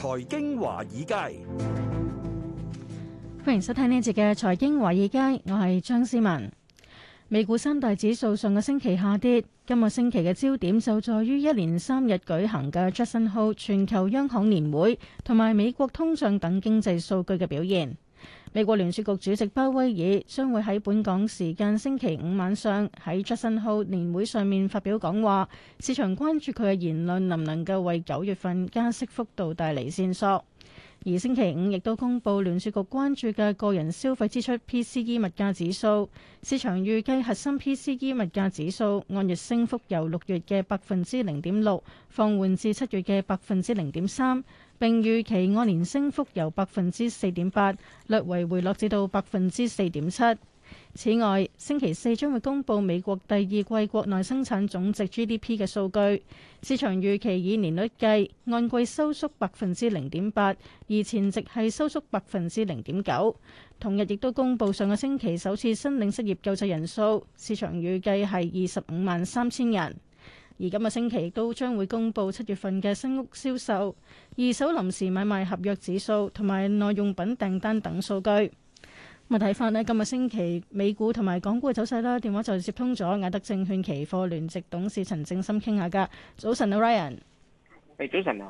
財經華爾街，歡迎收聽呢一節嘅財經華爾街，我係張思文。美股三大指數上個星期下跌，今個星期嘅焦點就在於一連三日舉行嘅 Jackson Hole 全球央行年會同埋美國通脹等經濟數據嘅表現。美國聯儲局主席鮑威爾將會喺本港時間星期五晚上喺傑克遜霍爾年會上面發表講話，市場關注佢嘅言論能唔能夠為九月份加息幅度帶嚟線索。而星期五亦都公布聯儲局關注嘅個人消費支出 （PCE） 物價指數，市場預計核心 PCE 物價指數按月升幅由六月嘅百分之零點六放緩至七月嘅百分之零點三。並預期按年升幅由百分之四點八，略為回落至到百分之四點七。此外，星期四將會公布美國第二季國內生產總值 GDP 嘅數據，市場預期以年率計，按季收縮百分之零點八，而前值係收縮百分之零點九。同日亦都公布上個星期首次申領失業救濟人數，市場預計係二十五萬三千人。而今個星期都將會公布七月份嘅新屋銷售、二手臨時買賣合約指數同埋耐用品訂單等數據。咁啊睇返呢，今個星期美股同埋港股嘅走勢啦。電話就接通咗雅德證券期貨聯席董事陳正心傾下㗎。早晨啊，Ryan。早晨。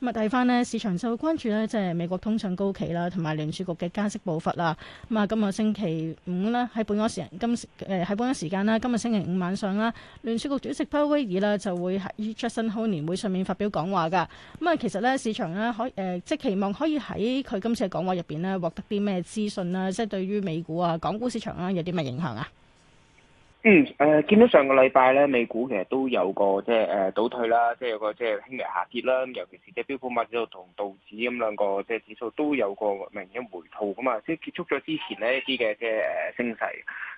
咁啊，睇翻咧，市場就關注咧，即係美國通脹高企啦，同埋聯儲局嘅加息步伐啦。咁啊，今個星期五咧，喺本港時今誒喺、呃、本港時間啦，今日星期五晚上啦，聯儲局主席鮑威爾啦就會喺 Jackson Hole 年會上面發表講話噶。咁、嗯、啊，其實咧，市場咧可誒、呃、即期望可以喺佢今次嘅講話入邊咧獲得啲咩資訊啦，即係對於美股啊、港股市場啦、啊、有啲咩影響啊？嗯，誒、呃、見到上個禮拜咧，美股其實都有個即係誒倒退啦，即係有個即係輕微下跌啦。咁尤其是即係標普指數同道指咁兩個即係指數都有個明顯回吐，咁啊，即係結束咗之前呢一啲嘅即係誒升勢。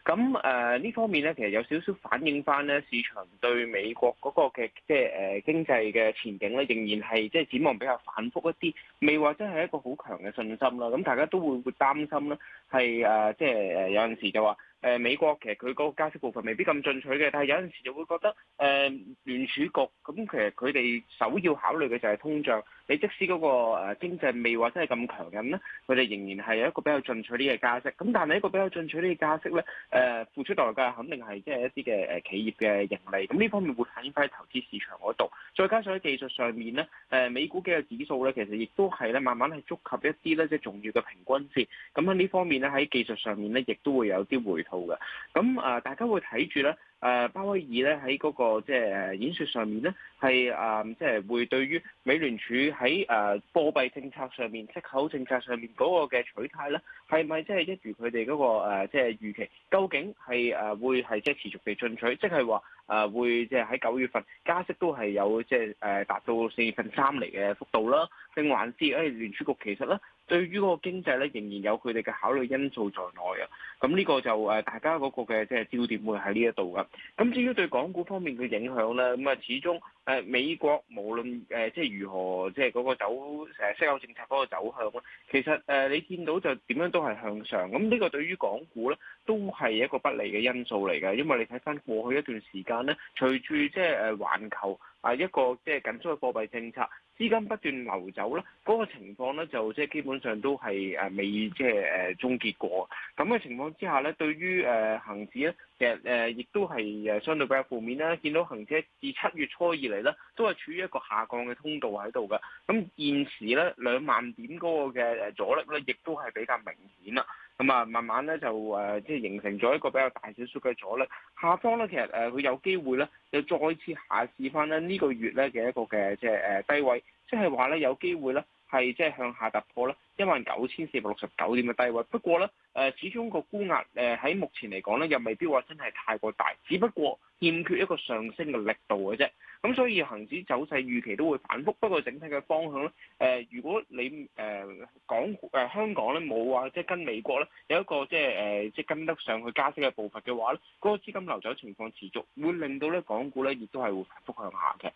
咁誒呢方面呢，其實有少少反映返呢市場對美國嗰個嘅即係誒經濟嘅前景呢，仍然係即係展望比較反覆一啲，未話真係一個好強嘅信心啦。咁大家都會會擔心啦，係誒即係誒有陣時就話誒美國其實佢嗰個加息部分未必咁進取嘅，但係有陣時就會覺得誒聯儲局咁其實佢哋首要考慮嘅就係通脹。你即使嗰個誒經濟未話真係咁強韌呢，佢哋仍然係有一個比較進取啲嘅加息。咁但係一個比較進取啲嘅加息呢，誒、呃、付出代價嘅肯定係即係一啲嘅誒企業嘅盈利。咁呢方面會反映翻喺投資市場嗰度。再加上喺技術上面呢，誒美股嘅指數呢，其實亦都係呢慢慢係觸及一啲呢，即係重要嘅平均線。咁喺呢方面呢，喺技術上面呢，亦都會有啲回吐嘅。咁啊，大家會睇住呢，誒鮑威爾呢，喺嗰個即係誒演說上面呢，係啊即係會對於美聯儲。喺誒、uh, 貨幣政策上面、息口政策上面嗰個嘅取態咧，係咪即係一如佢哋嗰個誒即係預期？究竟係誒、uh, 會係即係持續地進取，即係話？啊，會即係喺九月份加息都係有，即係誒達到四分三厘嘅幅度啦。定還是誒聯儲局其實咧，對於嗰個經濟咧，仍然有佢哋嘅考慮因素在內啊。咁呢個就誒大家嗰個嘅即係焦點會喺呢一度噶。咁至於對港股方面嘅影響咧，咁啊始終誒美國無論誒即係如何，即係嗰個走誒息口政策嗰個走向咧，其實誒你見到就點樣都係向上。咁呢個對於港股咧，都係一個不利嘅因素嚟嘅，因為你睇翻過去一段時間。隨住即係誒環球啊一個即係緊縮嘅貨幣政策，資金不斷流走咧，嗰、那個情況呢就即係基本上都係誒未即係誒終結過。咁嘅情況之下呢，對於誒恆指呢，其實誒亦都係誒相對比較負面啦。見到恆指自七月初以嚟呢，都係處於一個下降嘅通道喺度嘅。咁現時呢，兩萬點嗰個嘅誒阻力呢，亦都係比較明顯啦。咁啊，慢慢咧就誒，即係形成咗一個比較大少少嘅阻力。下方咧，其實誒，佢有機會咧，就再次下試翻咧呢個月咧嘅一個嘅即係誒低位，即係話咧有機會咧。係即係向下突破啦，一萬九千四百六十九點嘅低位。不過咧，誒始終個沽壓誒喺目前嚟講咧，又未必話真係太過大。只不過欠缺一個上升嘅力度嘅啫。咁所以恆指走勢預期都會反覆。不過整體嘅方向咧，誒、呃、如果你誒、呃、港誒、呃、香港咧冇話即係跟美國咧有一個即係誒即係跟得上去加息嘅步伐嘅話咧，嗰、那個資金流走情況持續，會令到咧港股咧亦都係會反覆向下嘅。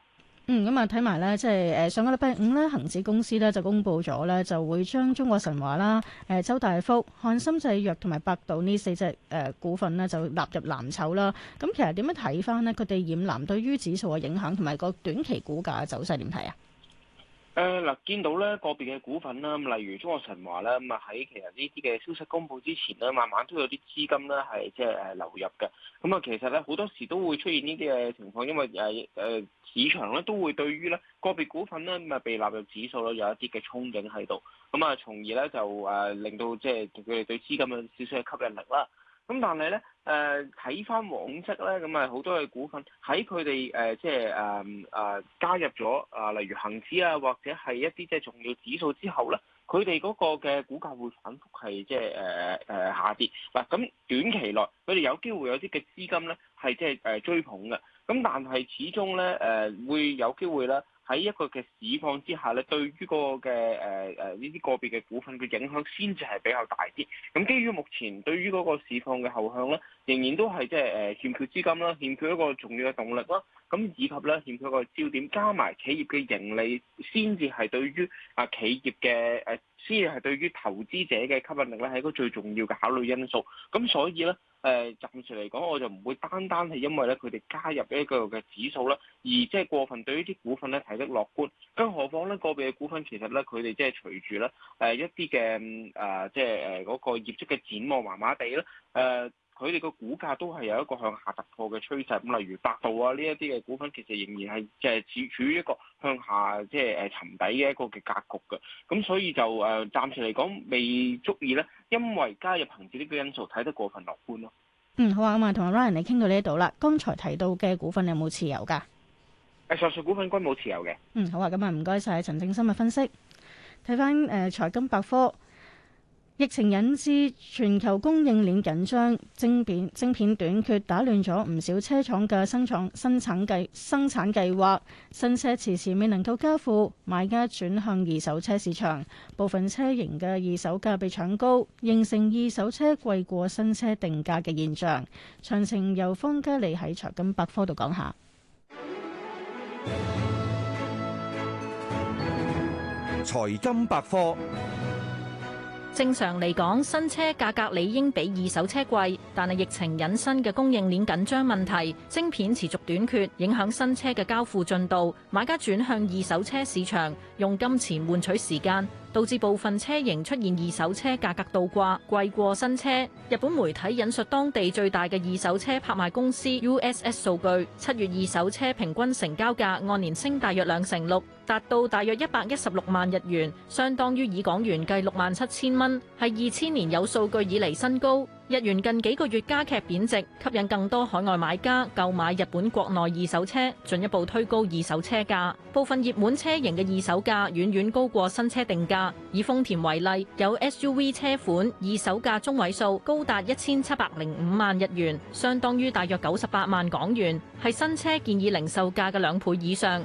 嗯，咁啊睇埋咧，即係誒上個禮拜五咧，恒指公司咧就公布咗咧，就會將中國神華啦、誒、呃、周大福、翰森製藥同埋百度呢四隻誒、呃、股份呢，就納入藍籌啦。咁、嗯、其實點樣睇翻呢？佢哋染藍對於指數嘅影響同埋個短期股價嘅走勢點睇啊？誒，嗱、呃，見到咧個別嘅股份啦，例如中國神華咧，咁啊喺其實呢啲嘅消息公佈之前咧，慢慢都有啲資金咧係即係誒流入嘅。咁、嗯、啊，其實咧好多時都會出現呢啲嘅情況，因為誒誒、呃、市場咧都會對於咧個別股份咧咁啊被納入指數咯，有一啲嘅憧憬喺度。咁、嗯、啊，從而咧就誒、呃、令到即係佢哋對資金有少少嘅吸引力啦。咁但係咧，誒睇返往績咧，咁啊好多嘅股份喺佢哋誒，即係誒誒加入咗啊、呃，例如恒指啊，或者係一啲即係重要指數之後咧，佢哋嗰個嘅股價會反覆係即係誒誒下跌嗱，咁、呃、短期內佢哋有機會有啲嘅資金咧係即係誒追捧嘅，咁但係始終咧誒、呃、會有機會啦。喺一個嘅市況之下咧，對於個嘅誒誒呢啲個別嘅股份嘅影響先至係比較大啲。咁基於目前對於嗰個市況嘅後向咧，仍然都係即係誒欠缺資金啦，欠缺一個重要嘅動力啦，咁以及咧欠缺一個焦點，加埋企業嘅盈利先至係對於啊、呃、企業嘅誒。呃先係對於投資者嘅吸引力咧，係一個最重要嘅考慮因素。咁所以咧，誒、呃、暫時嚟講，我就唔會單單係因為咧佢哋加入一個嘅指數咧，而即係過分對於啲股份咧睇得樂觀。更何況咧，個別嘅股份其實咧，佢哋即係隨住咧誒一啲嘅誒即係誒嗰個業績嘅展望麻麻地咧誒。呃佢哋嘅股價都係有一個向下突破嘅趨勢，咁例如百度啊呢一啲嘅股份，其實仍然係即係處處於一個向下即係誒沉底嘅一個嘅格局嘅，咁所以就誒暫時嚟講未足以咧，因為加入憑住呢個因素睇得過分樂觀咯。嗯，好啊，咁啊，同阿 Ryan 你傾到呢度啦。剛才提到嘅股份有冇持有噶？誒，上述股份均冇持有嘅。嗯，好啊，咁啊，唔該晒陳正深嘅分析。睇翻誒財金百科。疫情引致全球供應鏈緊張，晶片晶片短缺打亂咗唔少車廠嘅生廠生產計生產計劃，新車遲遲未能夠交付，買家轉向二手車市場，部分車型嘅二手價被搶高，形成二手車貴過新車定價嘅現象。詳情由方嘉利喺財金百科度講下財金百科。正常嚟講，新車價格理應比二手車貴，但係疫情引申嘅供應鏈緊張問題，晶片持續短缺，影響新車嘅交付進度，買家轉向二手車市場，用金錢換取時間。導致部分車型出現二手車價格倒掛，貴過新車。日本媒體引述當地最大嘅二手車拍賣公司 USS 數據，七月二手車平均成交價按年升大約兩成六，達到大約一百一十六萬日元，相當於以港元計六萬七千蚊，係二千年有數據以嚟新高。日元近幾個月加劇貶值，吸引更多海外買家購買日本國內二手車，進一步推高二手車價。部分熱門車型嘅二手價遠遠高過新車定價。以豐田為例，有 SUV 車款二手價中位數高達一千七百零五萬日元，相當於大約九十八萬港元，係新車建議零售價嘅兩倍以上。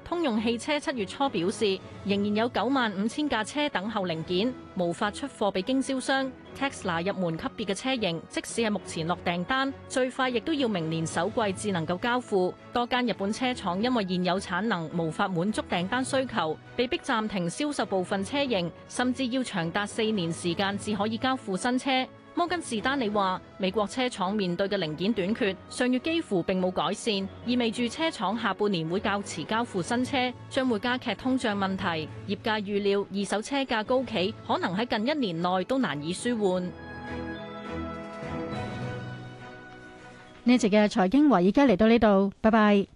通用汽車七月初表示，仍然有九萬五千架車等候零件，無法出貨俾經銷商。Tesla 入門級別嘅車型，即使係目前落訂單，最快亦都要明年首季至能夠交付。多間日本車廠因為現有產能無法滿足訂單需求，被逼暫停銷售部分車型，甚至要長達四年時間至可以交付新車。摩根士丹利話，美國車廠面對嘅零件短缺，上月幾乎並冇改善，意味住車廠下半年會較遲交付新車，將會加劇通脹問題。業界預料二手車價高企，可能喺近一年內都難以舒緩。呢集嘅財經華爾街，嚟到呢度，拜拜。